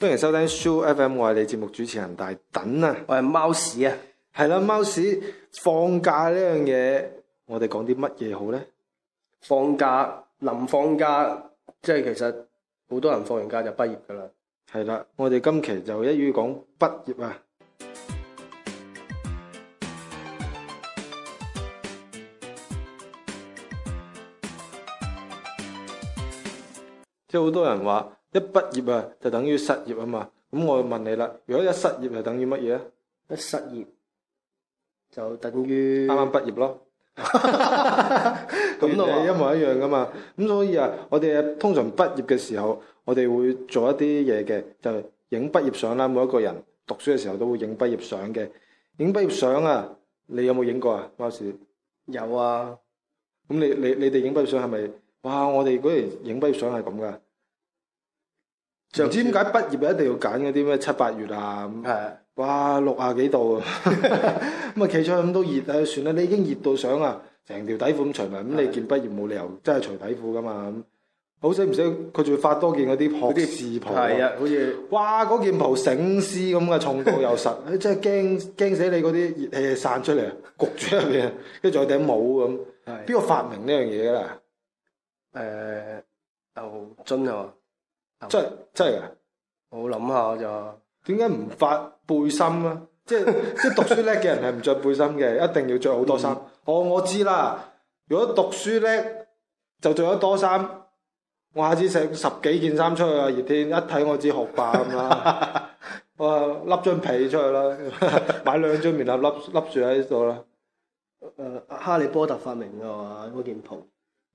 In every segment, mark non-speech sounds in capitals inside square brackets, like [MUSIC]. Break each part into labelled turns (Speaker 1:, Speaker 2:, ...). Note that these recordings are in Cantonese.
Speaker 1: 歡迎收聽 Show FM Y 你節目主持人大等啊，我係貓屎啊，係啦，貓屎放假呢樣嘢，我哋講啲乜嘢好咧？放假臨放，放假，即係其實好多人放完假就畢業噶啦。係啦，我哋今期就一於講畢業啊。即係好多人話一畢業啊，就等於失業啊嘛。咁我問你啦，如果一失業係等於乜嘢啊？一失業就等於啱啱畢業咯。咁你一模一樣噶嘛？咁所以啊，我哋通常畢業嘅時候，我哋會做一啲嘢嘅，就影畢業相啦。每一個人讀書嘅時候都會影畢業相嘅。影畢業相啊，你有冇影過啊？阿士有啊。咁你你你哋影畢業相係咪？哇！我哋嗰年影畢業相係咁噶，就唔知點解畢業一定要揀嗰啲咩七八月啊咁。的哇，六啊幾度咁啊，企出去咁都熱啊，算啦，你已經熱到想啊，成條底褲咁除埋，咁的你件畢業冇理由真係除底褲噶嘛。好死唔死，佢仲要發多件嗰啲學士袍啊，呀好哇！嗰件袍醒獅咁嘅，重到又實， [LAUGHS] 真係驚驚死你嗰啲熱氣散出嚟，焗住入邊，跟住仲有頂帽咁。邊個的發明樣呢樣嘢噶啦？誒，又牛津係嘛？真真係嘅，我諗下就點解唔發背心啦？ [LAUGHS] 即係即係讀書叻嘅人係唔着背心嘅，一定要着好多衫。嗯、哦，我知啦。如果讀書叻就着得多衫，我下次成十幾件衫出去啊！熱天一睇我知學霸咁啦。 [LAUGHS] [LAUGHS] 我笠張被出去啦，買兩張棉笠笠笠住喺度啦。誒、呃，哈利波特發明嘅話，嗰件袍。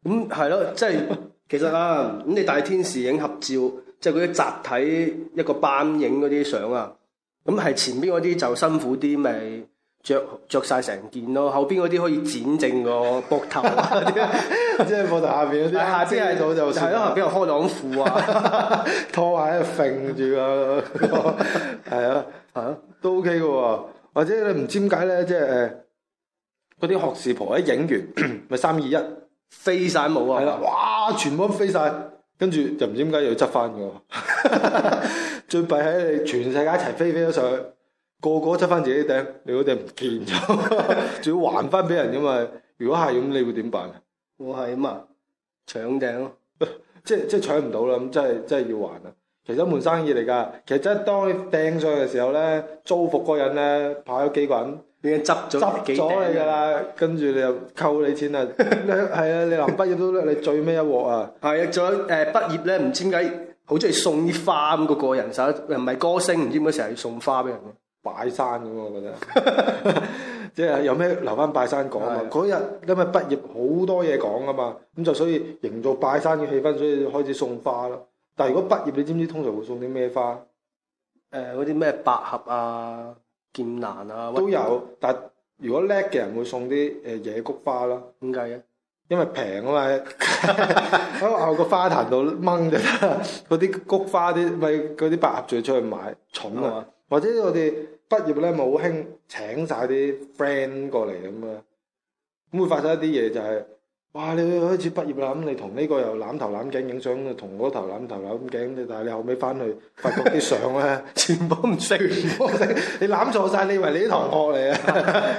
Speaker 1: 咁係咯，即係其實啊，咁、嗯、你大天使影合照，即係嗰啲集體一個班影嗰啲相啊，咁、嗯、係前邊嗰啲就辛苦啲，咪着着曬成件咯，後邊嗰啲可以剪正個膊頭啊啲即係膊頭下邊嗰啲。下邊喺度就係、是、咯，邊個開朗褲啊， [LAUGHS] 拖鞋揈住啊，係 [LAUGHS] 啊，係都 OK 嘅喎，或者你唔知點解咧，即係誒嗰啲學士袍一影完咪三二一。 [COUGHS] 飛晒冇啊，係啦，哇，全部都飛晒，跟住就唔知點解又要執翻嘅， [LAUGHS] [LAUGHS] 最弊喺你全世界一齊飛飛咗上去，個個執翻自己頂，你嗰頂唔見咗，仲 [LAUGHS] 要還翻俾人嘅嘛？如果係咁，你會點辦我啊？我係啊嘛，搶頂咯，即係即係搶唔到啦，咁真係真係要還啊！其實一門生意嚟噶，其實當你掟上去嘅時候咧，租服嗰人咧跑咗幾個人。已經執咗執咗你噶啦，跟住你了 [LAUGHS] 又扣你錢 [LAUGHS] 啊！係啊，你臨畢業都你最尾一鑊啊？係啊，仲有誒畢業咧，唔知點解好中意送啲花咁個個人手，又唔係歌星，唔知點解成日要送花俾人拜山，咁我覺得，即係、 [LAUGHS] [LAUGHS] 就是、有咩留翻拜山講啊！嗰日 [LAUGHS] 因為畢業好多嘢講啊嘛，咁就所以營造拜山嘅氣氛，所以開始送花咯。但係如果畢業，你知唔知通常會送啲咩花？誒、呃，嗰啲咩百合啊？劍蘭啊，都有。但係如果叻嘅人會送啲誒野菊花啦。點解嘅？因為平啊嘛，喺我個花壇度掹嘅，嗰啲菊花啲，咪嗰啲百合再出去買重啊。嘛、啊。或者我哋畢業咧，冇興請晒啲 friend 過嚟咁樣，會發生一啲嘢就係、是。哇！你開始畢業啦，咁你同呢個又攬頭攬頸影相，同嗰頭攬頭攬頸。但係你後尾翻去發覺啲相咧， [LAUGHS] 全部唔識， [LAUGHS] 你攬錯晒，你以為你啲同學嚟啊？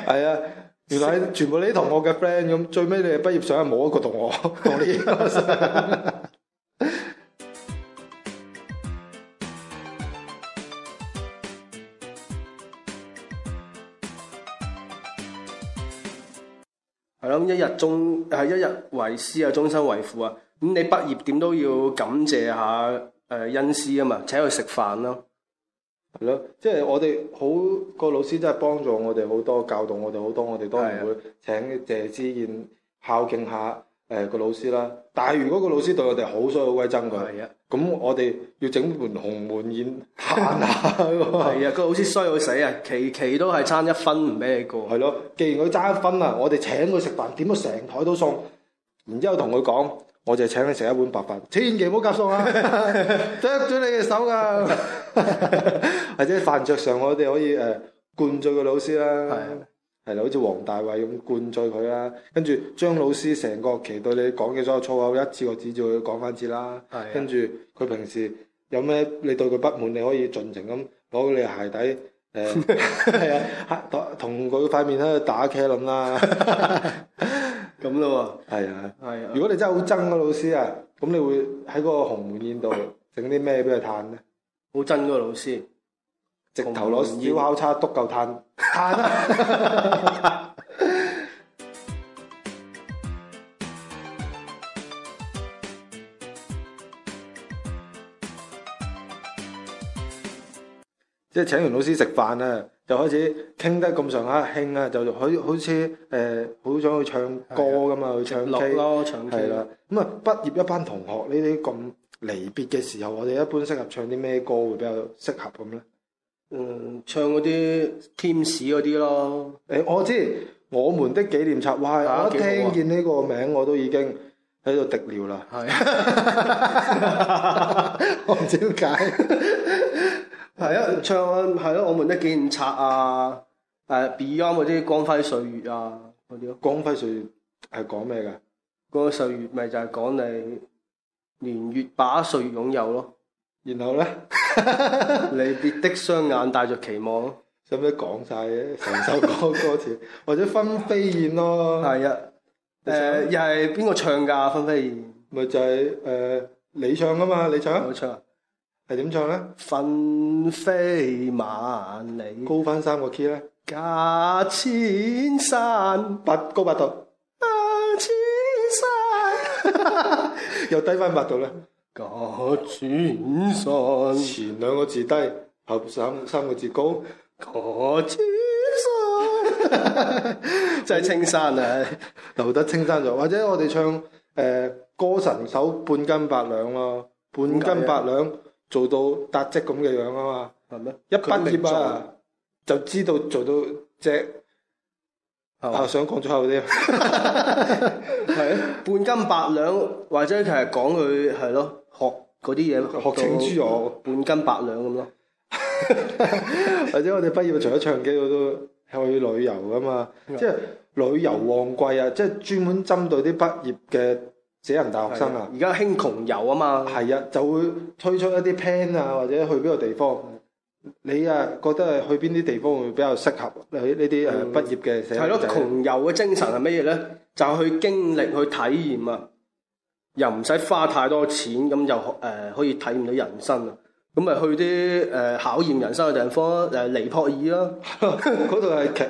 Speaker 1: 係 [LAUGHS] 啊，原來全部你啲同學嘅 friend 咁，最尾你畢業相係冇一個同學。 [LAUGHS] [LAUGHS] 一日終係一日為師啊，終身為父啊。咁你畢業點都要感謝下誒恩師啊嘛，請佢食飯咯，係咯。即係我哋好、這個老師真係幫助我哋好多，教導我哋好多，我哋都係會請謝師宴，孝敬下。誒、嗯、個老師啦，但係如果個老師對我哋好衰好鬼憎佢嘅，咁的我哋要整盤鴻門宴嚇下佢。係啊， [LAUGHS] 個老師衰到死啊，期期都係爭一分唔畀你過，係咯。既然佢爭一分啊，我哋請佢食飯，點到成枱都送。然之後同佢講，我就係請你食一碗白飯，千祈唔好夾餸啊，剁咗 [LAUGHS] 你隻手㗎、啊。 [LAUGHS] 或者飯桌上我哋可以誒、呃、灌醉個老師啦。係。係好似黃大衛咁灌醉佢啦，跟住張老師成個學期對你講嘅所有粗口，一次過指住佢講翻次啦。跟住佢平時有咩你對佢不滿，你可以盡情咁攞你鞋底誒，係、欸、啊，同佢塊面喺度打茄輪啦。咁咯喎。係啊。如果你真係好憎個老師啊，咁你會喺嗰個鴻門宴度整啲咩俾佢嘆呢？好憎個老師。直頭攞燒烤叉篤夠嘆，文文即係請完老師食飯啊，就開始傾得咁上下興啊，就好好似誒，好、呃、想去唱歌咁啊，的去唱 K 咯，唱 K 啦的。咁啊、嗯，畢業一班同學呢啲咁離別嘅時候，我哋一般適合唱啲咩歌會比較適合咁咧？嗯，唱嗰啲天使嗰啲咯。誒、欸，我知我們的紀念冊，哇！我一聽見呢個名我都已經喺度滴尿啦。係，我唔知點解？係啊，唱係咯，我們的紀念冊、嗯、喂啊，誒，Beyond 嗰啲光輝歲月啊，嗰啲咯。光輝歲月係講咩㗎？嗰個歲月咪就係講你年月把歲月擁有咯。然後咧？ [LAUGHS] 離 [LAUGHS] 別的雙眼帶着期望，使唔使講晒嘅成首歌歌詞， [LAUGHS] 或者分飛燕咯。係啊 [LAUGHS] 唱，誒、呃，又係邊個唱噶分飛燕？咪就係、是、誒、呃，你唱噶嘛，你唱。我 [LAUGHS] 唱。係點唱咧？分飛萬里。高翻三個 key 咧？隔千山。八高八度。啊，千山。 [LAUGHS] [LAUGHS] 又低翻八度啦。個轉身，前兩個字低，後三三個字高，個轉身，真係青山啊！ [LAUGHS] 留得青山在，或者我哋唱誒歌神手半斤八兩咯，半斤八兩做到搭積咁嘅樣啊嘛，係咩嗎？一畢業啊，就知道做到隻。好啊！想講最後啲，係半斤八兩， [LAUGHS] 或者係講佢係咯，學嗰啲嘢，學到半斤八兩咁咯。或者我哋畢業除咗唱機，我都去旅遊噶嘛。 [LAUGHS] 即係旅遊旺季啊， [LAUGHS] 即係專門針對啲畢業嘅死人大學生啊。而家興窮遊啊嘛，係啊，就會推出一啲 plan 啊， [LAUGHS] 或者去邊個地方。 [LAUGHS] 你啊，覺得係去邊啲地方會比較適合呢啲誒畢業嘅？係咯，窮遊嘅精神係乜嘢咧？ [LAUGHS] 就去經歷、去體驗啊，又唔使花太多錢，咁就誒、呃、可以體驗到人生啊。咁咪去啲誒、呃、考驗人生嘅地方，誒、呃、尼泊爾囉，嗰度係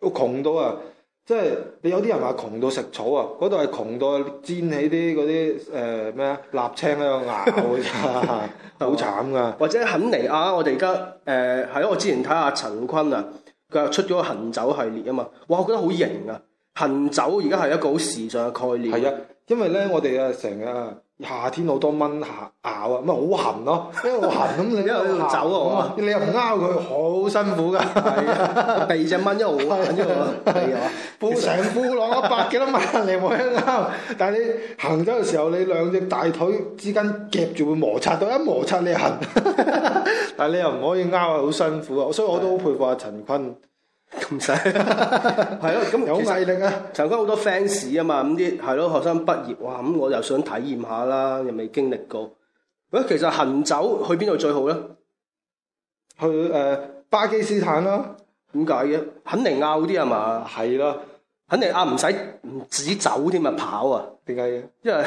Speaker 1: 都窮到啊！ [LAUGHS] [LAUGHS] 即係你有啲人話窮到食草啊，嗰度係窮到煎起啲嗰啲誒咩啊，臘、呃、青喺度咬， [LAUGHS] [LAUGHS] 好慘噶。或者肯尼亞，我哋而家誒係咯，我之前睇阿陳坤啊，佢又出咗個行走系列啊嘛，哇，我覺得好型啊！行走而家係一個好時尚嘅概念，係 [LAUGHS] 啊，因為咧 [LAUGHS] 我哋啊成日啊。夏天好多蚊咬啊，咪好痕咯，一路痕咁你一路走，係嘛？你又唔勾佢好辛苦噶，第二隻蚊一路好痕啊，真係啊！褲成褲落一百幾粒蚊你冇得勾，但係你行走嘅時候，你兩隻大腿之間夾住會摩擦到，一摩擦你痕。但係你又唔可以勾啊，好辛苦啊，所以我都好佩服阿陳坤。咁使？係咯， [LAUGHS] 咁有毅力啊！曾經好多 fans 啊嘛，咁啲係咯，學生畢業，哇，咁我又想體驗下啦，又未經歷過。喂，其實行走去邊度最好咧？去誒、呃、巴基斯坦啦、啊，點解嘅？肯尼亞嗰啲啊嘛，係咯、嗯。肯定啊，唔使唔止走添啊，跑啊，點解嘅？因為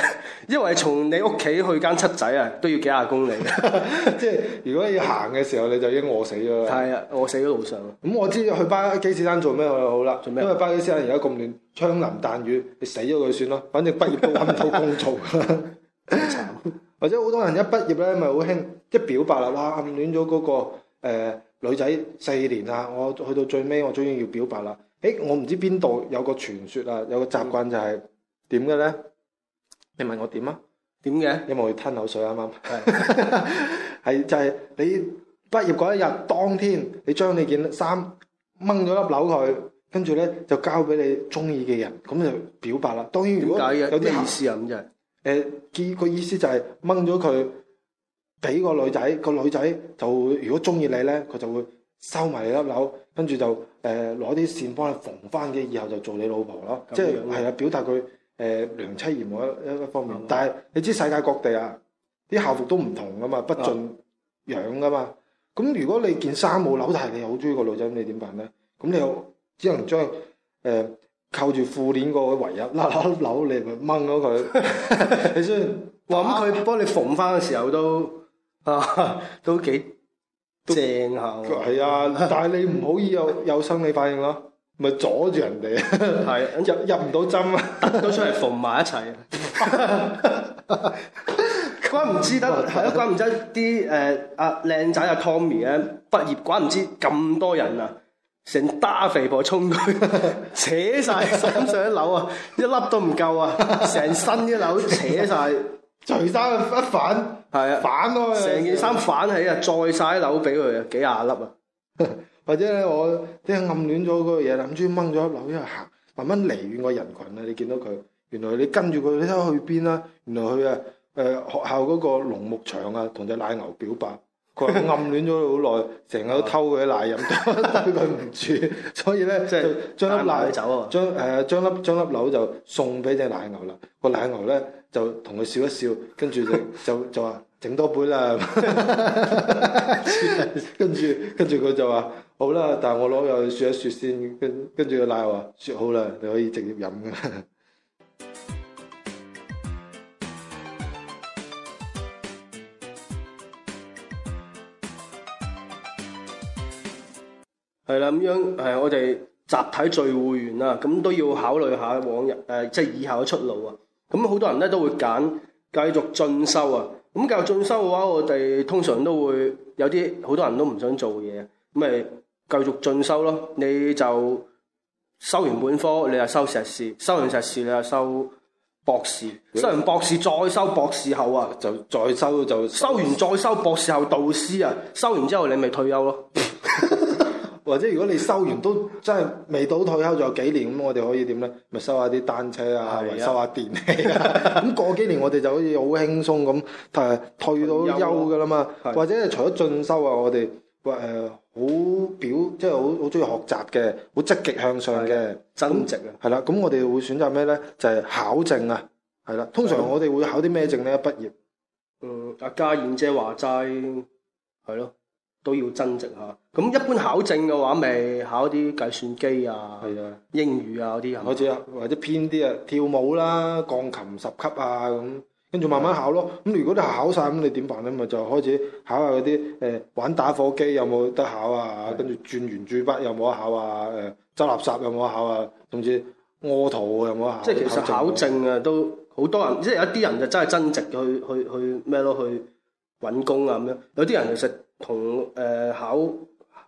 Speaker 1: 因為從你屋企去間七仔啊，都要幾廿公里。即係 [LAUGHS] 如果你要行嘅時候，你就已經餓死咗啦。係啊，餓死咗路上。咁、嗯、我知去巴基斯坦做咩好啦？做咩？因為巴基斯坦而家咁亂，槍林彈雨，你死咗佢算咯，反正畢業都搵唔到工做啦，慘。 [LAUGHS] [LAUGHS] 或者好多人一畢業咧，咪好興一表白啦，哇、啊、暗戀咗嗰個誒、呃、女仔四年啊，我去到最尾，我終於要表白啦。誒、欸，我唔知邊度有個傳說啊，有個習慣就係點嘅咧？呢你問我點啊？點嘅？因為我要吞口水啱唔啱？係，係就係你畢業嗰一日當天你你，你將你件衫掹咗粒紐佢，跟住咧就交俾你中意嘅人，咁就表白啦。當然，如果有啲意思啊？咁就誒，佢、呃、個意思就係掹咗佢俾個女仔，個女仔就如果中意你咧，佢就會收埋你粒紐，跟住就誒攞啲線幫你縫翻嘅，以後就做你老婆咯。即係係啊，表達佢誒良妻賢母一一方面。但係你知世界各地啊，啲校服都唔同噶嘛，不盡樣噶嘛。咁如果你件衫冇紐，但係你好中意個女仔，咁你點辦咧？咁你又只能將誒扣住褲鏈嗰個唯一粒粒紐，你咪掹咗佢。你先，哇！咁佢幫你縫翻嘅時候都啊，都幾～正效，係啊！但係你唔可以有有生理反應咯，咪阻住人哋，入入唔到針，都出嚟縫埋一齊。關唔知得，係啊，關唔、ja. 知啲誒阿靚仔阿 Tommy 咧畢業，關唔知咁多人啊，成打肥婆衝佢，扯晒。咁上一樓啊，一粒都唔夠啊，成身一樓扯晒。除衫一反，係啊的，反囉，成件衫反起啊， [LAUGHS] 再晒啲紐俾佢啊，幾廿粒啊， [LAUGHS] 或者咧我即係暗戀咗個嘢，諗住掹咗一紐喺度行，慢慢離遠個人群啊，你見到佢，原來你跟住佢，你睇下去邊啦，原來佢、呃、啊，誒學校嗰個農牧場啊，同隻奶牛表白。佢 [LAUGHS] 暗戀咗好耐，成日都偷佢奶飲，對佢唔住， [LAUGHS] 所以咧呢、就是、就將粒奶，奶，奶走喎、啊呃，將誒將粒將粒牛就送俾隻奶牛啦。個奶牛咧就同佢笑一笑，跟住就就就話整多杯啦。 [LAUGHS] [LAUGHS] [LAUGHS] [LAUGHS] 跟住跟住佢就話好啦，但係我攞去雪一雪先，跟跟住個奶話雪好啦，你可以直接飲。 [LAUGHS] 係啦，咁樣誒，我哋集體聚會完啦，咁都要考慮下往日誒、呃，即係以後嘅出路啊。咁好多人咧都會揀繼續進修啊。咁繼續進修嘅話，我哋通常都會有啲好多人都唔想做嘅嘢，咁咪繼續進修咯。你就修完本科，你就修碩士，修完碩士你就修博士，修完博士再修博士後啊，就再修就修完再修博士後導師啊，修完之後你咪退休咯。 [LAUGHS] 或者如果你收完都真係未到退休仲有幾年咁，我哋可以點呢？咪收下啲單車啊，的收下電器啊。咁 [LAUGHS] 過幾年我哋就可以好輕鬆咁誒退到休㗎啦嘛。啊、或者除咗進修啊，我哋誒好表，即係好好中意學習嘅，好積極向上嘅增值啊。係啦，咁我哋會選擇咩呢？就係、係、考證啊。係啦，通常我哋會考啲咩證呢？畢業。阿嘉、嗯啊、燕姐話齋係咯。都要增值吓，咁一般考證嘅話，咪考啲計算機啊、是啊英語啊嗰啲、啊，或者偏啲啊跳舞啦、鋼琴十級啊咁，跟住慢慢考咯。咁是的 如果你考晒，咁，你點辦咧？咪就，就開始考下嗰啲誒玩打火機有冇得考啊？跟住是的 轉圓珠筆有冇得考啊？誒、欸，執垃圾有冇得考啊？甚至屙肚有冇得、啊、得考？即係其實考證，考證啊，都好多人，即係有啲人就真係增值去去去咩咯？去揾工啊咁樣，有啲人就食對。同誒、呃、考誒、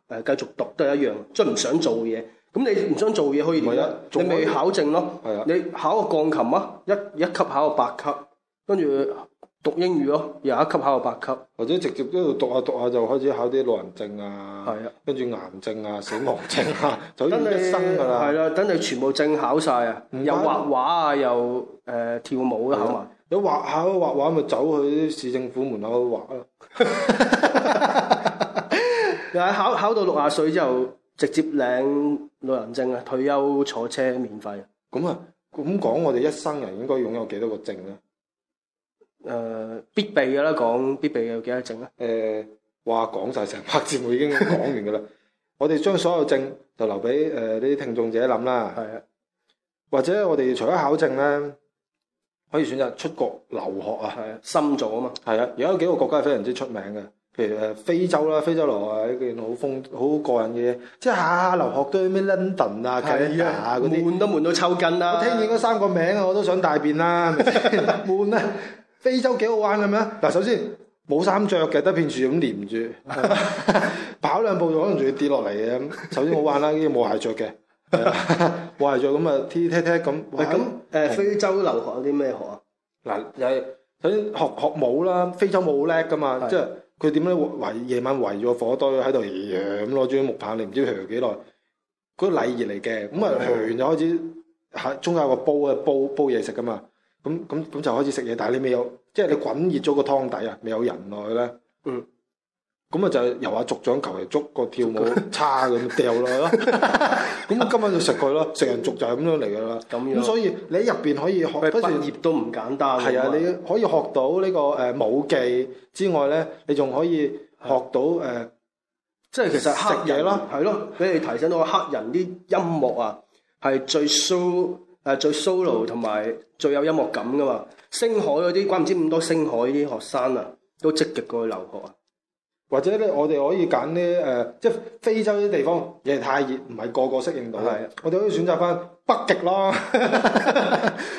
Speaker 1: 呃、繼續讀都係一樣，即係唔想做嘢。咁你唔想做嘢可以，是你咪考證咯。係啊的，的你考個鋼琴啊，一一級考個八級，跟住讀英語咯，又一級考個八級。或者直接一路讀下讀下，就開始考啲老人證啊，的跟住癌症啊、死亡證啊， [LAUGHS] 就一生㗎啦。係啦你，等你全部證考晒啊，又畫畫啊，又誒、呃、跳舞啊。考埋的，你畫考畫畫咪走去市政府門口去畫咯。的 [LAUGHS] [LAUGHS] 考考到六十歲之後，直接領老人證啊，退休坐車免費。咁啊，咁講，我哋一生人應該擁有幾多個證咧？誒、呃，必備嘅啦，講必備有幾多證咧？誒、呃，哇，講晒成百字我已經講完噶啦。 [LAUGHS] 我哋將所有證就留俾誒呢啲聽眾者諗啦。係啊的。或者我哋除咗考證咧，可以選擇出國留學啊，係啊，深造啊嘛。係啊，而家有幾個國家係非常之出名嘅。譬如誒非洲啦，非洲留學係一件好風好過癮嘅嘢。即係下下留學都係咩 London 啊、加拿大啊嗰啲，悶都悶到抽筋啦！我聽見嗰三個名啊，我都想大便啦， [LAUGHS] 悶啊，非洲幾好玩嘅咩？嗱，首先冇衫着嘅，得片樹咁黏住，跑 [LAUGHS] 兩步就可能仲要跌落嚟嘅。咁首先好玩啦，呢啲冇鞋着嘅，冇 [LAUGHS] 鞋着咁啊，踢踢踢踢咁。咁誒非洲留學有啲咩學啊？嗱，又係首先學學舞啦，非洲舞好叻㗎嘛，即係。 [LAUGHS] 佢點咧圍夜晚圍咗個火堆喺度，咁攞住啲木棒你唔知佢灼幾耐。嗰個禮儀嚟嘅，咁啊灼完就開始，嚇中間有個煲啊，煲煲嘢食噶嘛。咁咁咁就開始食嘢，但係你未有，即係你滾熱咗個湯底啊，未有人來咧。嗯。咁啊，就由阿族長求其捉個跳舞叉咁掉落去咯。咁啊，今晚就食佢咯。食人族就係咁樣嚟噶啦。咁所以你入邊可以學，畢業都唔簡單。係啊吧，你可以學到呢個誒舞技之外咧，你仲可以學到誒，是呃、即係其實黑人啦，係咯，俾你提醒到黑人啲了音樂啊、呃，係最 solo 誒最 solo 同埋最有音樂感噶嘛。星海嗰啲，怪唔知咁多星海啲學生啊，都積極過去留學啊。或者咧，我哋可以揀啲誒，即係非洲啲地方，嘢，太熱，唔係個個適應到。係，我哋可以選擇翻北極咯。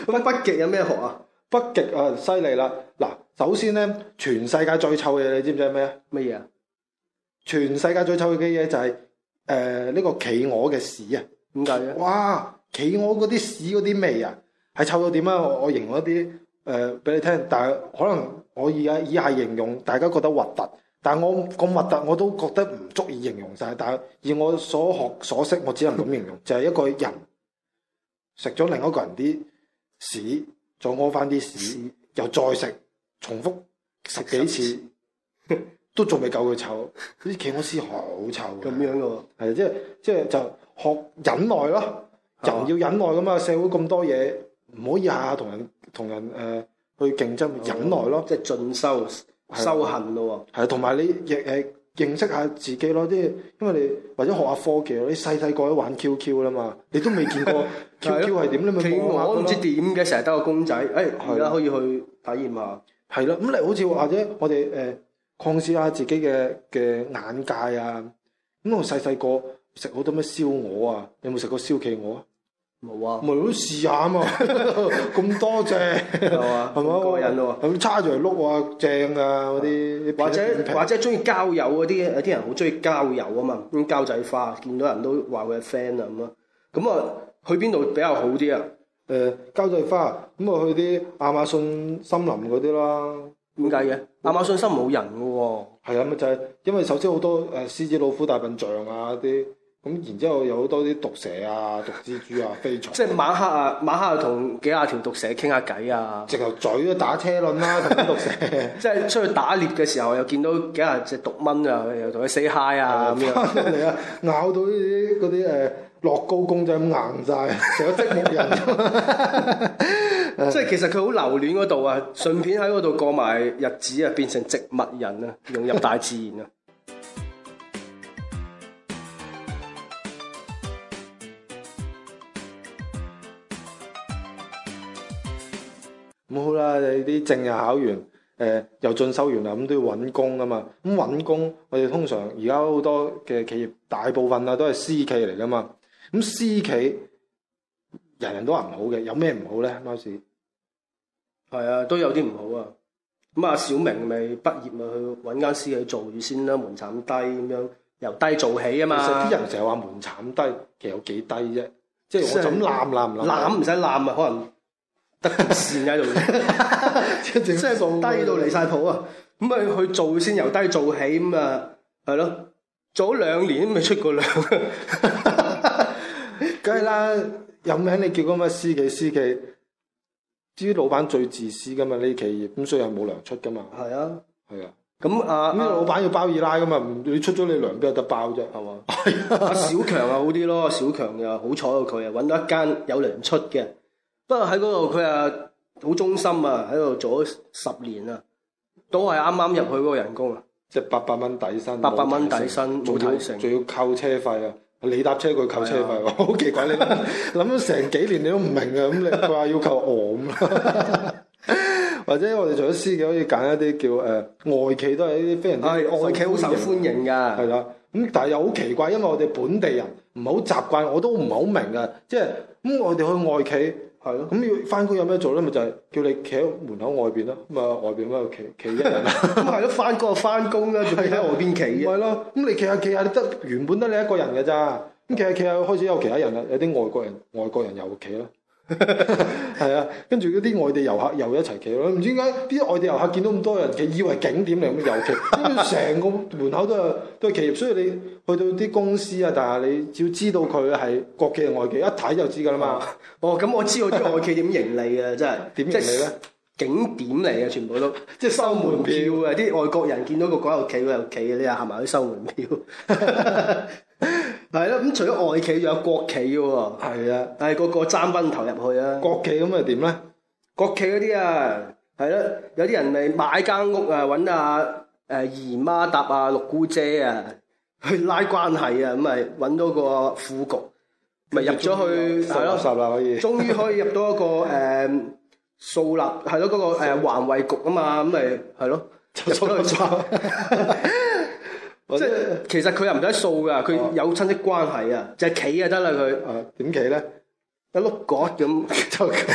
Speaker 1: 咁 [LAUGHS] [LAUGHS] 北極有咩學啊？北極啊，犀利啦！嗱，首先咧，全世界最臭嘅嘢，你知唔知係咩啊？乜嘢啊？全世界最臭嘅嘢就係誒呢個企鵝嘅屎啊！點解？哇！企鵝嗰啲屎嗰啲味啊，係臭到點啊！我我形容一啲誒俾你聽，但係可能我而家以下形容，大家覺得核突。但係我咁核突，我都覺得唔足以形容晒，但係以我所學所識，我只能咁形容，就係、是、一個人食咗另一個人啲屎，再屙翻啲屎，屎又再食，重複食幾次， [LAUGHS] 都仲未夠佢臭。啲企鵝屎好臭㗎。咁樣㗎、啊、喎。係，即係即係就學忍耐咯。人要忍耐㗎嘛。社會咁多嘢，唔可以下下同人同人誒、呃、去競爭，忍耐咯，即係進修。修行咯，係同埋你亦誒認識下自己咯，即係因為你或者學下科技，你細細個都玩 QQ 啦嘛，你都未見過 QQ 係點咧？咪無啦，唔知點嘅，成日得個公仔。誒，而家可以去體驗下。係啦，咁你好似或者我哋誒擴視下自己嘅嘅眼界啊。咁我細細個食好多咩燒鵝啊？有冇食過燒企鵝啊？冇啊！咪都試下啊嘛！咁、 [NOISE] 嗯、 [LAUGHS] 多隻，係嘛 [LAUGHS] [LAUGHS] 過癮咯喎！咁叉住嚟碌喎，正噶嗰啲。或者 [NOISE] 或者中意郊遊嗰啲，有啲人好中意郊遊啊嘛。咁交際花見到人都話佢係 friend 啊咁咯。咁、嗯、啊，去邊度比較好啲啊？誒交際花咁啊，去啲亞馬遜森林嗰啲啦。點解嘅？我亞馬遜森林冇人嘅喎。係、嗯、啊，咪就係、是、因為首先好多誒、呃、獅子老虎大笨象啊啲。咁然之後有好多啲毒蛇啊、毒蜘蛛啊、飛蟲，即係晚黑啊，晚黑又同幾廿條毒蛇傾下偈啊，直頭嘴都打車輪啦、啊，同啲 [LAUGHS] 毒蛇， [LAUGHS] 即係出去打獵嘅時候又見到幾廿隻毒蚊啊，又同佢 say hi 啊，咁樣、啊、 [LAUGHS] 咬到啲嗰啲誒樂高公仔咁硬晒、啊，成個積木人、啊， [LAUGHS] [LAUGHS] 即係其實佢好留戀嗰度啊，順便喺嗰度過埋日子啊，變成，成植物人啊，融入大自然啊。咁好啦，你啲證又考完，誒、呃、又進修完啦，咁都要揾工噶嘛。咁、嗯、揾工，我哋通常而家好多嘅企業大部分啊都係私企嚟噶嘛。咁、嗯、私企人人都話唔好嘅，有咩唔好咧？Mark Sir，係啊，都有啲唔好啊。咁、嗯、啊，小明咪畢業咪、啊、去揾間私企做住先啦、啊，門檻低咁樣，由低做起啊嘛。其實啲人成日話門檻低，其實有幾低啫、啊。即係我就咁攬攬攬。攬唔使攬啊，可能。得善喺度，即係從低到離晒譜啊！咁啊、嗯，去做先由低做起咁啊，係咯。做咗兩年都未出過糧，梗係啦。有名你叫咁乜司企司企，至於啲老闆最自私噶嘛？呢企業咁所以係冇糧出噶嘛。係啊，係啊。咁啊，呢個老闆要包二奶噶嘛？你出咗你糧邊有得包啫？係嘛。阿小強啊，好啲咯。小強又好彩過佢，揾到一間有糧出嘅。不過喺嗰度，佢啊好忠心啊，喺度做咗十年啊，都係啱啱入去嗰人工啊，即係八百蚊底薪，八百蚊底薪，仲要扣車費啊！你搭車佢扣車費，好奇怪！你諗咗成幾年你都唔明啊！咁 [LAUGHS] 你佢話要求我咁， [LAUGHS] [LAUGHS] 或者我哋做咗私企，可以揀一啲叫誒、呃、外，外企，都係一啲非常係外企好受歡迎噶，係啦。咁但係又好奇怪，因為我哋本地人唔係好習慣，我都唔係好明啊。即係咁，我哋去外企。係咯，咁、嗯嗯嗯，要翻工有咩做咧？咪就係、係、叫你企喺門口外邊啦。咁、嗯、啊，外邊咁企，企一人。咁係咯，翻工就翻工啦，仲要喺外邊企。咪咯，咁你企下企下，得原本得你一個人嘅咋？咁企下企下，開始有其他人啦，有啲外國人，外國人又企啦。係啊，跟住嗰啲外地遊客又一齊企咯，唔知點解啲外地遊客見到咁多人企，以為景點嚟咁企，跟住成個門口都係都係企業，所以你去到啲公司啊，但係你只要知道佢係國企定外企，一睇就知噶啦嘛。哦，咁、嗯、我知道啲外企點盈利啊？真係點盈利咧？景點嚟嘅，全部都即係收門票啊，啲 [LAUGHS] 外國人見到個鬼又企佢又企，你又行埋去收門票。 [LAUGHS] 係咯，咁除咗外企，仲有國企嘅喎。係啊的，但係個個爭崩頭入去啊。國企咁又點咧？國企嗰啲啊，係啦，有啲人咪買間屋啊，揾阿誒姨媽搭阿六姑姐啊，去拉關係啊，咁咪揾到個副局，
Speaker 2: 咪入咗去。係咯，掃
Speaker 1: 垃圾可以。終於可以入到一個誒掃垃圾，係咯、 [LAUGHS] 嗯，嗰、那個誒環衞局啊嘛，咁咪係咯，就出去。即係其實佢又唔使數噶，佢有親戚關係啊，就係企啊得啦佢。啊，點企咧？一碌角咁就企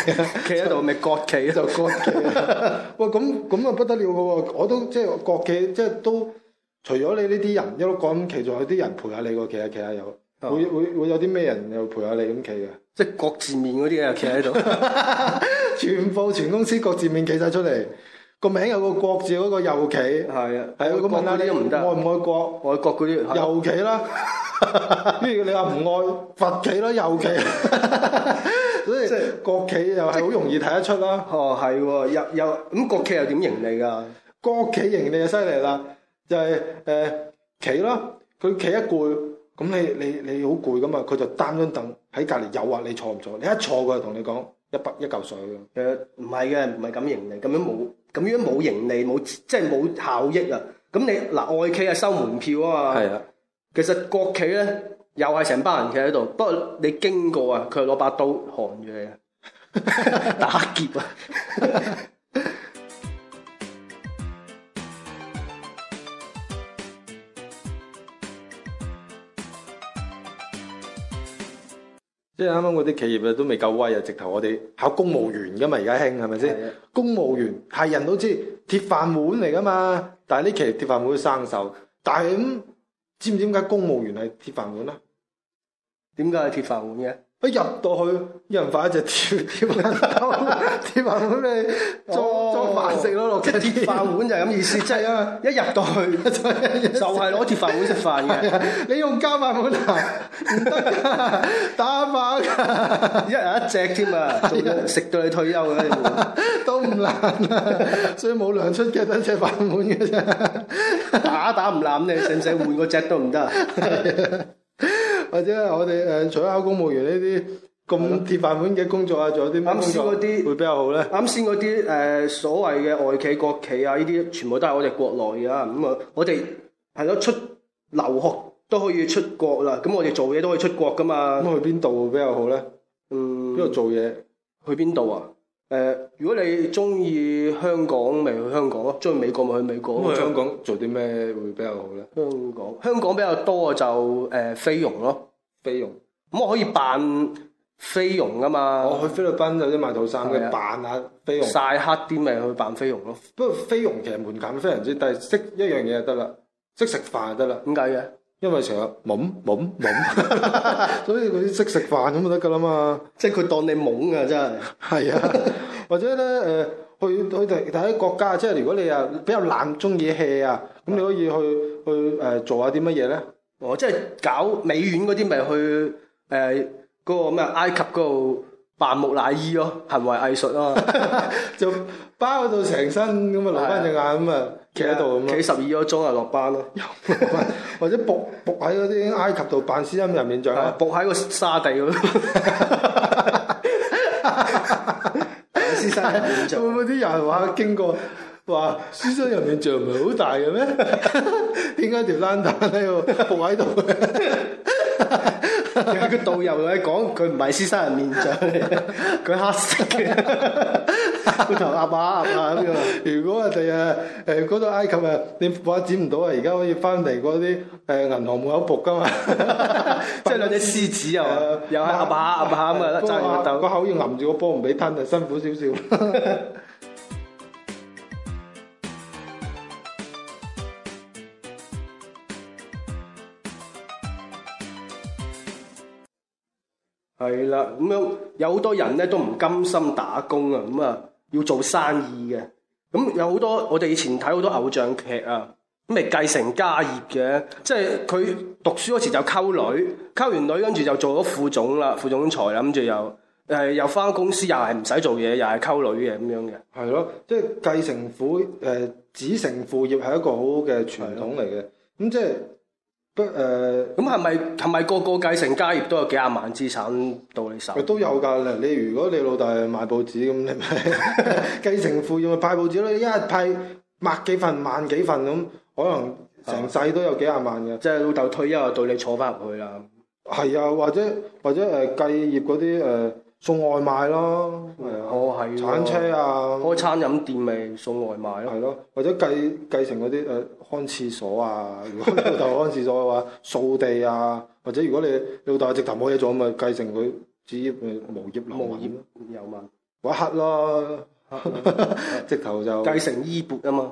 Speaker 1: 企喺度咪國企咯。就國企。喂，咁咁啊不得了噶喎！我都即係國企，即係都除咗你呢啲人一碌角咁企，仲有啲人陪下你個企下企下有。會會會有啲咩人又陪下你咁企嘅？即係國字面嗰啲啊，企喺度。全部全公司國字面企晒出嚟。個名有個國字嗰個右企係啊，係嗰國嗰啲唔得，愛唔愛國？愛國嗰啲右企啦，不如你話唔愛佛企啦，右企， [LAUGHS] 所以即係國企又係好容易睇得出啦。哦，係，又，又，咁國企又點盈利噶？國企盈利就犀利啦，就係誒企啦，佢、呃、企一攰，咁你你你好攰咁啊，佢就擔張凳喺隔籬誘惑你坐唔坐？你一坐佢就同你講一筆一嚿水嘅。誒，唔係嘅，唔係咁盈利，咁樣冇。咁樣冇盈利冇即係冇效益啊！咁你嗱外企係收門票啊嘛，係啊，其實國企咧又係成班人企喺度，不過你經過啊，佢係攞把刀韓住你啊， [LAUGHS] [LAUGHS] 打劫啊！ [LAUGHS] 即係啱啱嗰啲企業咧都未夠威啊！直頭我哋考公務員㗎嘛，而家興係咪先？是的 公務員係人都知鐵飯碗嚟㗎嘛，但係呢期鐵飯碗生鏽。但係咁知唔知點解公務員係鐵飯碗啦？點解係鐵飯碗嘅？一入到去一人發一隻鐵鐵飯碗，鐵飯咁你裝裝飯食咯，落隻鐵飯碗就係咁意思即係啊！ [LAUGHS] 一入到去，去就係攞鐵飯碗食飯嘅，你用膠飯碗唔得㗋，打飯一人一隻添啊！食到，呀到你退休啊！ [LAUGHS] 都唔難啊， [LAUGHS] 所以冇糧出嘅得隻飯碗嘅啫， [LAUGHS] 打打唔攬你，使唔使換個隻都唔得？或者我哋、呃、除咗考公務員呢啲咁鐵飯碗嘅工作啊，仲的有啲咩工作會比較好咧？啱先嗰啲誒所謂嘅外企國企啊，呢啲全部都係我哋國內嘅，咁、嗯、啊我哋係咯出留學都可以出國啦，咁我哋做嘢都可以出國噶嘛。咁、嗯、去邊度會比較好咧？嗯，邊度做嘢？去邊度啊？誒、呃，如果你中意香港，咪去香港咯；中意美國咪去美國咯。嗯、香港做啲咩會比較好咧？香港，香港比較多就誒、是呃、菲傭咯，菲傭鎔。咁、嗯、我可以扮菲傭啊嘛。我、哦、去菲律賓有啲賣套衫嘅，扮的下菲傭。曬黑啲咪去扮菲傭咯。不過菲傭其實門檻非常之低，識一樣嘢就得啦，識食飯就得啦。點解嘅？因為成日懵懵懵， [LAUGHS] 所以佢識食飯咁就得噶啦嘛。 [LAUGHS] 即係佢當你懵啊，真係。係啊，或者咧誒、呃，去去睇睇國家，即係如果你啊比較冷中意 heat 啊，咁你可以去去誒、呃、做下啲乜嘢咧？哦，即係搞美院嗰啲咪去誒嗰、呃那個咩埃及嗰度扮木乃伊咯、哦，行為藝術咯、哦， [LAUGHS] [LAUGHS] 就包到成身咁啊、 [LAUGHS] 嗯，留翻隻眼咁啊～、嗯企喺度咁咯，企十二個鐘就落班咯， [LAUGHS] 或者僕僕喺嗰啲埃及度扮獅身人面像，僕喺個沙地咯。先生，有冇啲人話經過話獅身人面像唔係好大嘅咩？點解 [LAUGHS] 條爛蛋喺度僕喺度？ [LAUGHS] [LAUGHS] 個導遊佢講：佢唔係獅身人面像，佢黑色嘅，個頭鴨鴨咁樣。如果係誒誒嗰度埃及啊，你發展唔到啊，而家可以翻嚟嗰啲誒銀行門口仆㗎嘛， [LAUGHS] 即係兩隻獅子又，又係鴨鴨鴨咁啊！揸住個球，個口要揞住個波唔俾吞，就辛苦少少。 [LAUGHS] 係啦，咁樣有好多人咧都唔甘心打工啊，咁啊要做生意嘅。咁有好多我哋以前睇好多偶像劇啊，咪繼承家業嘅，即係佢讀書嗰時就溝女，溝完女跟住就做咗副總啦、副總裁啦，跟住又誒又返公司，又係唔使做嘢，又係溝女嘅咁樣嘅。係咯，即係繼承父誒子承父業係一個好嘅傳統嚟嘅，咁的即係。誒，咁係咪係咪個個繼承家業都有幾廿萬資產到你手？都有㗎喇，你如果你老大豆賣報紙咁，你咪 [LAUGHS] [LAUGHS] 繼承父業派報紙咯，一日派百幾份、萬幾份咁，可能成、嗯、世都有幾廿萬嘅。即係、嗯、老豆退休，到你坐翻入去啦。係啊，或者或者誒、呃，繼業嗰啲誒。呃送外賣咯，哦係，鏟車啊，開餐飲店咪送外賣咯，係咯，或者繼繼承嗰啲誒看廁所啊，如果老豆看廁所嘅話，掃地啊，或者如果你你老豆直頭冇嘢做咁咪繼承佢職業咪無業流啊，有嘛？玩黑咯，直頭就繼承衣缽啊嘛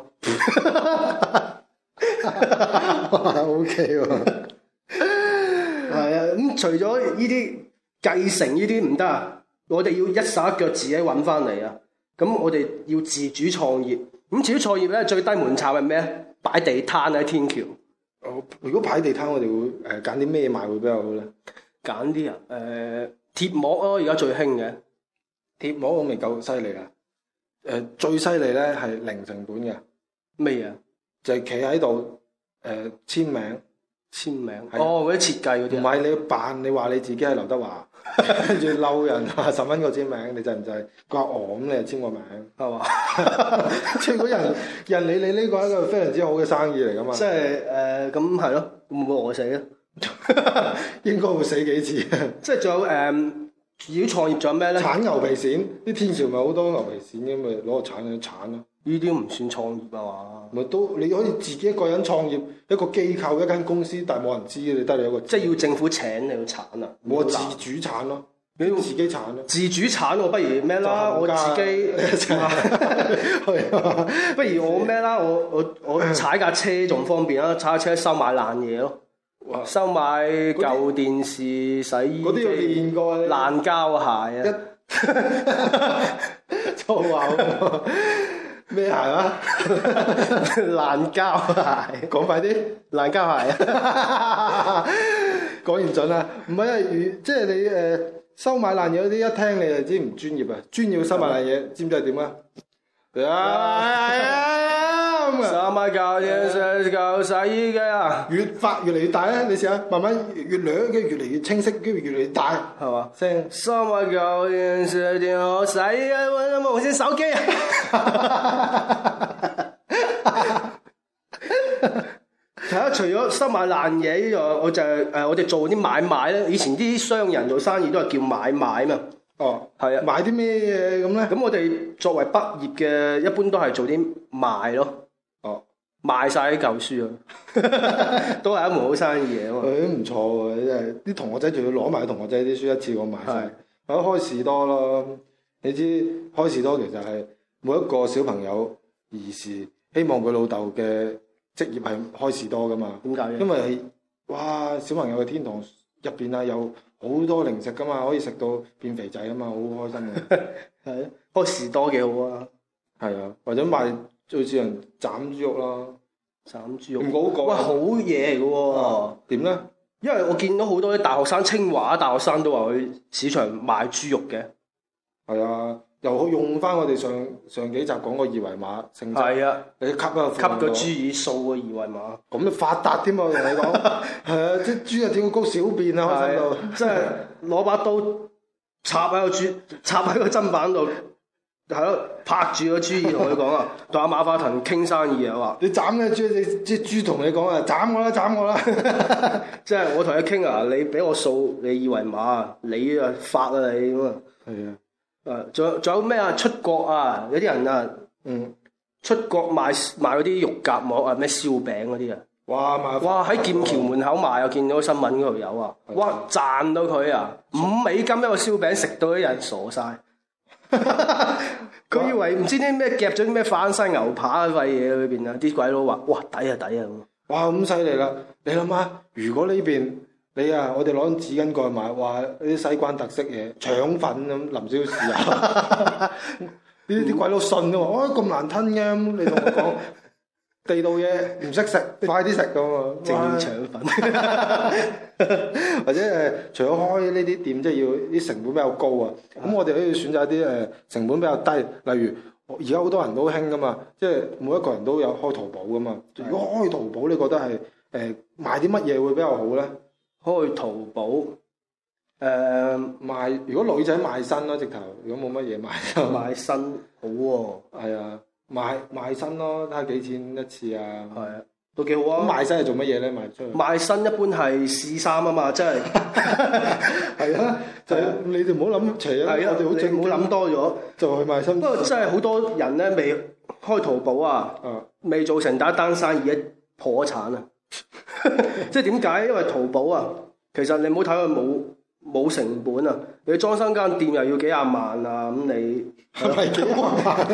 Speaker 1: ，O K 喎，
Speaker 2: 係
Speaker 1: 啊，咁除咗呢啲繼承呢啲唔得啊。我哋要一手一腳自己揾翻嚟啊！咁我哋要自主創業。咁自主創業咧最低門檻係咩？擺地攤喺天橋。哦，如果擺地攤，我哋會誒揀啲咩賣會比較好咧？揀啲啊誒貼膜咯，而家最興嘅貼膜我未夠犀利啊。誒最犀利咧係零成本嘅咩嘢？麼就係企喺度誒簽名簽名。簽名是哦，嗰啲設計嗰啲。唔係你要扮你話你，你自己係劉德華。跟住嬲人啊，十蚊個簽名，你制唔制？掛我咁你又簽個名，係嘛吧？即嗰 [LAUGHS] 人 [LAUGHS] 人理你你呢個係一個非常之好嘅生意嚟㗎嘛？即係誒，咁係咯，會唔會餓死咧？應該會死幾次？即係仲有誒，要、呃、創業仲有咩咧？鏟牛皮癬，啲的天朝咪好多牛皮癬嘅咪攞個鏟去鏟咯。呢啲唔算創業啊嘛，咪都你可以自己一個人創業，一個機構，一間公司，但係冇人知嘅，你得你一個，即係要政府請你產啊，我自主產咯，你用自己產咯？自主產我不如咩啦？我自己，不如我咩啦？我我我踩架車仲方便啊！踩架車收買爛嘢咯，收買舊電視、洗衣機、爛膠鞋啊！粗話。咩鞋啊？爛 [LAUGHS] 膠鞋，講快啲，爛膠鞋 [LAUGHS] 啊！講唔準啊，唔係，即係你誒、呃、收買爛嘢嗰啲，一聽你就知唔專業 [LAUGHS] 啊！專業收買爛嘢，知唔知係點啊？嚟啦！收埋舊嘢、舊洗衣機啊！越發越嚟越大啊！你試下，慢慢越掠嘅越嚟越，越清晰，跟住越嚟越，越大，係嘛吧？收埋舊嘢、電可使啊！我先手機啊！係啊！除咗收埋爛嘢呢個，我就係、是、誒，我哋做啲買賣咧。以前啲商人做生意都係叫買賣嘛。哦，係啊的。買啲咩嘢咁咧？咁我哋作為畢業嘅，一般都係做啲賣咯。.賣晒啲舊書咯， [LAUGHS] 都係一門好生意嘅。佢都唔錯喎，真係啲同學仔仲要攞埋啲同學仔啲書一次過賣晒。咁是開士多咯，你知開士多其實係每一個小朋友兒時希望佢老豆嘅職業係開士多噶嘛？點解？因為係哇，小朋友嘅天堂入邊啊，有好多零食噶嘛，可以食到變肥仔噶嘛，好，好開心。係、 [LAUGHS] 啊、開士多幾好啊！係啊，或者賣。 [LAUGHS] 最少人斬豬肉啦，斬豬肉，唔好講，喂，好嘢嚟嘅喎，點咧？因為我見到好多啲大學生、清華大學生都話去市場買豬肉嘅，係啊，又好用翻我哋上上幾集講個二維碼，係啊，你吸啊吸咗豬耳掃個二維碼，咁就發達添啊！同你講，係 [LAUGHS] 啊，啲豬啊點會屙小便啊？喺度、啊，即係攞把刀插喺個豬，插喺個砧板度。係咯，拍住個豬耳同佢講啊，同阿 [LAUGHS] 馬化騰傾生意啊，話你斬咧豬，即係豬同你講啊，斬我啦，斬我啦！即係我同佢傾啊，你俾我掃你二維碼，你啊發啊你咁啊。係啊， [LAUGHS] 啊，仲有仲有咩啊？出國啊，有啲人啊，嗯，出國賣賣嗰啲肉夾饃啊，咩燒餅嗰啲啊，哇賣！哇喺劍橋門口賣啊，我見到新聞嗰度有啊，哇賺到佢啊，五美金一個燒餅，食到啲人傻晒。 [LAUGHS] 佢 [LAUGHS] 以為唔哇知啲咩夾咗啲咩反西牛扒嗰份嘢喺邊啊！啲鬼佬話：哇，抵啊，抵啊！哇，咁犀利啦！ [LAUGHS] 你諗下，如果呢邊你啊，我哋攞紙巾蓋埋，話啲西關特色嘢，腸粉咁淋少少豉油，呢啲鬼佬信噶嘛？哎，咁難吞嘅，你同我講。 [LAUGHS] 地道嘢唔識食，快啲食㗎嘛！蒸麵腸粉， [LAUGHS] 或者誒、呃，除咗開呢啲店，即係要啲成本比較高啊。咁我哋可以選擇一啲誒、呃、成本比較低，例如而家好多人都興㗎嘛，即係每一個人都有開淘寶㗎嘛。的如果開淘寶，你覺得係誒賣啲乜嘢會比較好咧？開淘寶誒、呃、賣，如果女仔賣新咯、啊，直頭如果冇乜嘢賣就。賣新好喎、哦。係啊。啊賣賣身咯，睇下幾錢一次啊，係啊，都幾好啊！咁賣身係做乜嘢咧？賣出去賣身一般係試衫啊嘛，即係係啊，就係你哋唔好諗邪啊，的我哋好正，唔好諗多咗，就去賣身。不過真係好多人咧，未開淘寶啊，啊未做成打單生意，一破產啊！ [LAUGHS] 即係點解？因為淘寶啊，其實你唔好睇佢冇冇成本啊，你裝修間店又要幾廿萬啊，咁你係咪幾萬萬、啊？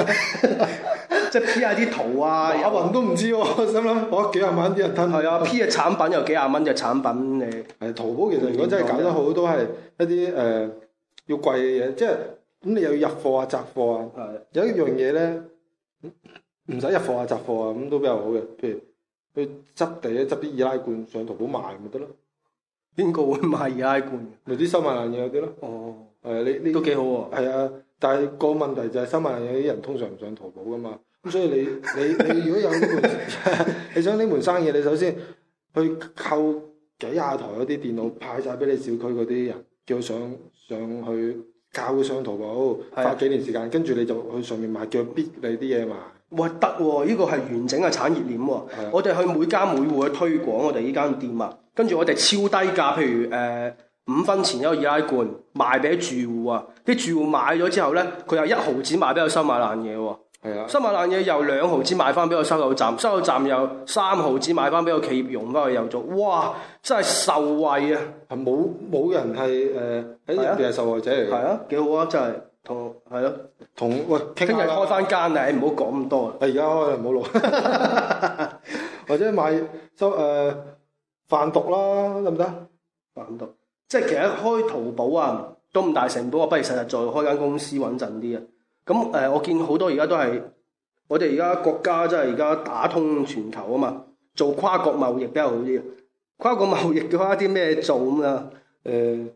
Speaker 1: [LAUGHS] [LAUGHS] 即係 P 下啲圖啊，馬雲都唔知喎、啊，心諗我幾廿蚊啲人吞、哎。係啊，P 嘅產品有幾廿蚊嘅產品你。係淘寶其實如果真係搞得好都係一啲誒、呃、要貴嘅嘢，即係咁你又要入貨啊、集貨啊。係。有一樣嘢咧唔使入貨啊、集貨啊，咁、yeah, 都比較好嘅。譬如去執地咧執啲易拉罐上淘寶賣咪得咯。邊個會買易拉罐？咪啲收買爛嘢嗰啲咯。哦，係你你都幾好喎，係啊。但係個問題就係新馬有啲人通常唔上淘寶㗎嘛，咁所以你你你如果有 [LAUGHS] 你想呢門生意，你首先去購幾廿台嗰啲電腦，嗯、派晒俾你小區嗰啲人，叫上上去教佢上淘寶，花幾年時間，跟住的你就去上面賣，強逼你啲嘢賣。哇，得喎、啊，呢個係完整嘅產業鏈喎、啊，的我哋去每家每戶去推廣我哋呢間店啊，跟住我哋超低價，譬如誒。呃五分錢一個易拉罐賣俾住戶啊！啲住戶買咗之後咧，佢又一毫子賣俾個收買爛嘢喎。係啊的，收買爛嘢又兩毫子賣翻俾個收購站，收購站又三毫子賣翻俾個企業用翻去又做，哇！真係受惠啊！係冇冇人係誒，係、呃、啊，係的受惠者嚟嘅。係啊的，幾的好啊！真係同係咯，同喂，聽日開翻間啊！唔好講咁多啊！啊、嗯，而家開啊，唔好落，或者賣收誒販、呃、毒啦，得唔得？販毒。 [LAUGHS] 即係其實開淘寶啊，都唔大成本，我不如實日再開間公司穩陣啲啊。咁誒、呃，我見好多而家都係，我哋而家國家即係而家打通全球啊嘛，做跨國貿易比較好啲。跨國貿易嘅話啲咩做咁啊？誒、呃，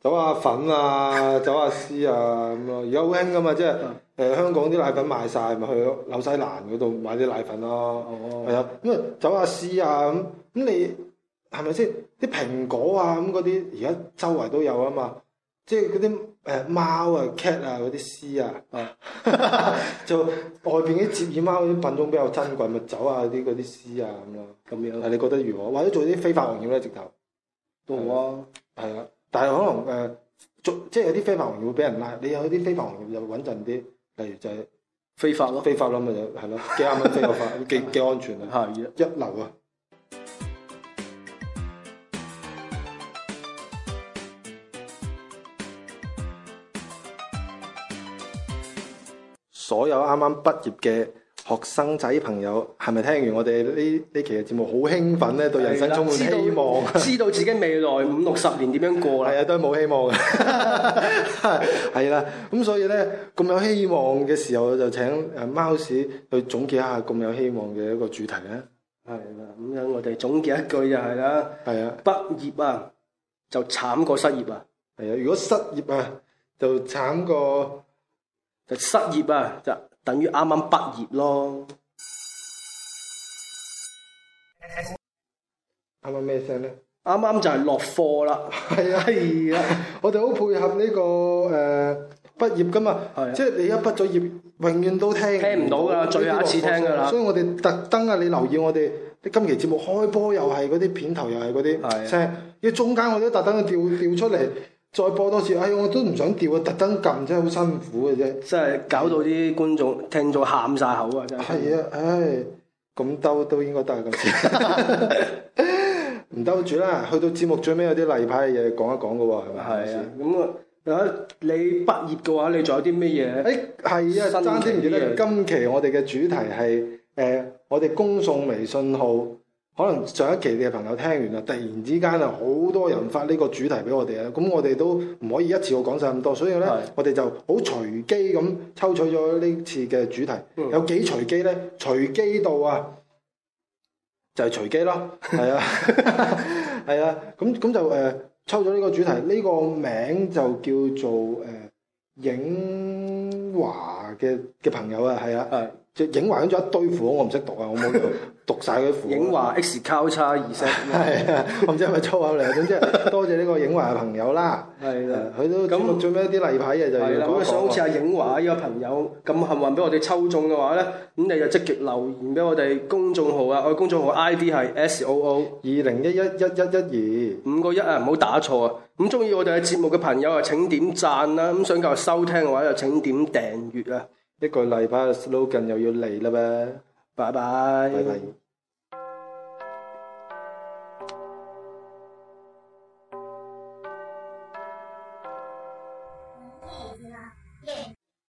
Speaker 1: 走下、啊、粉啊，走下絲啊咁啊，而家好興噶嘛，即係誒、呃、香港啲奶粉賣晒，咪去紐西蘭嗰度買啲奶粉咯。係、哦哦哦、啊，咁啊走下絲啊咁，咁你係咪先？啲蘋果啊咁嗰啲，而家周圍都有啊嘛，即係嗰啲誒貓啊、cat 啊嗰啲獅啊，就外邊啲折耳貓嗰啲品種比較珍貴，咪走啊啲嗰啲獅啊咁咯，咁樣。係，你覺得如何？或者做啲非法行業咧，直頭都好咯。係啊，但係可能誒，即係有啲非法行業會俾人拉。你有啲非法行業就穩陣啲，例如就係非法咯。非法咯，咪就係咯，幾啱啊！即係有法，幾幾安全啊，一流啊！所有啱啱畢業嘅學生仔朋友，係咪聽完我哋呢呢期嘅節目好興奮呢？對人生充滿希望， [LAUGHS] 知道自己未來五六十年點樣過，係啊，都係冇希望。嘅。 [LAUGHS] [LAUGHS] 係啦，咁所以呢，咁有希望嘅時候，就請誒貓屎去總結一下咁有希望嘅一個主題呢。係啦，咁樣我哋總結一句就係、是、啦，係啊的，畢業啊就慘過失業啊。係啊，如果失業啊就慘過。就失業啊，就等於啱啱畢業咯剛剛。啱啱咩聲咧？啱啱就係落課啦。係啊，係啊，我哋好配合呢、這個誒畢、呃、業噶嘛。的即係你一畢咗業，永遠都聽唔到噶，最後一次聽噶啦。所以我哋特登啊，你留意我哋啲、嗯、今期節目開波又係嗰啲片頭又係嗰啲，即係要中間我哋都特登去調調出嚟。再播多次，哎，我都唔想掉是啊！特登撳真係好辛苦嘅啫，真係搞到啲觀眾聽咗喊晒口啊！真係係啊，唉，咁兜都應該得，唔兜住啦。去到節目最尾有啲例牌嘅嘢講一講㗎喎，係咪啊？係啊，咁啊，你畢業嘅話，你仲有啲咩嘢？誒係、哎、啊，爭啲唔記得。今期我哋嘅主題係誒、嗯呃，我哋公眾微信號。可能上一期嘅朋友聽完啦，突然之間啊，好多人發呢個主題俾我哋咧，咁我哋都唔可以一次過講晒咁多，所以咧，是的 我哋就好隨機咁抽取咗呢次嘅主題，嗯、有幾隨機呢？隨機到啊，就係、是、隨機咯，係啊，係 [LAUGHS] 啊，咁咁就誒、呃、抽咗呢個主題，呢 [LAUGHS] 個名就叫做誒、呃、影華嘅嘅朋友啊，係啊，誒的就影華咗一堆符，我唔識讀啊，我冇。讀晒佢符。影華 X 交叉儀式，我唔知係咪粗口嚟，總之多謝呢個影華嘅朋友啦。係啦、 [LAUGHS] [LAUGHS] [LAUGHS] 嗯，佢都咁做咩啲例牌嘢就係啦，咁你想好似阿影華呢個朋友咁幸運俾我哋抽中嘅話咧，咁你就積極留言俾我哋公眾號啊！我公眾號 I D 係 S O O 二零一一一一一二五個一啊，唔好打錯啊！咁中意我哋嘅節目嘅朋友啊，請點贊啦！咁想夠收聽嘅話就請點訂閱啊！ [LAUGHS] [LAUGHS] 一個例牌 slogan 又要嚟啦咩？拜拜。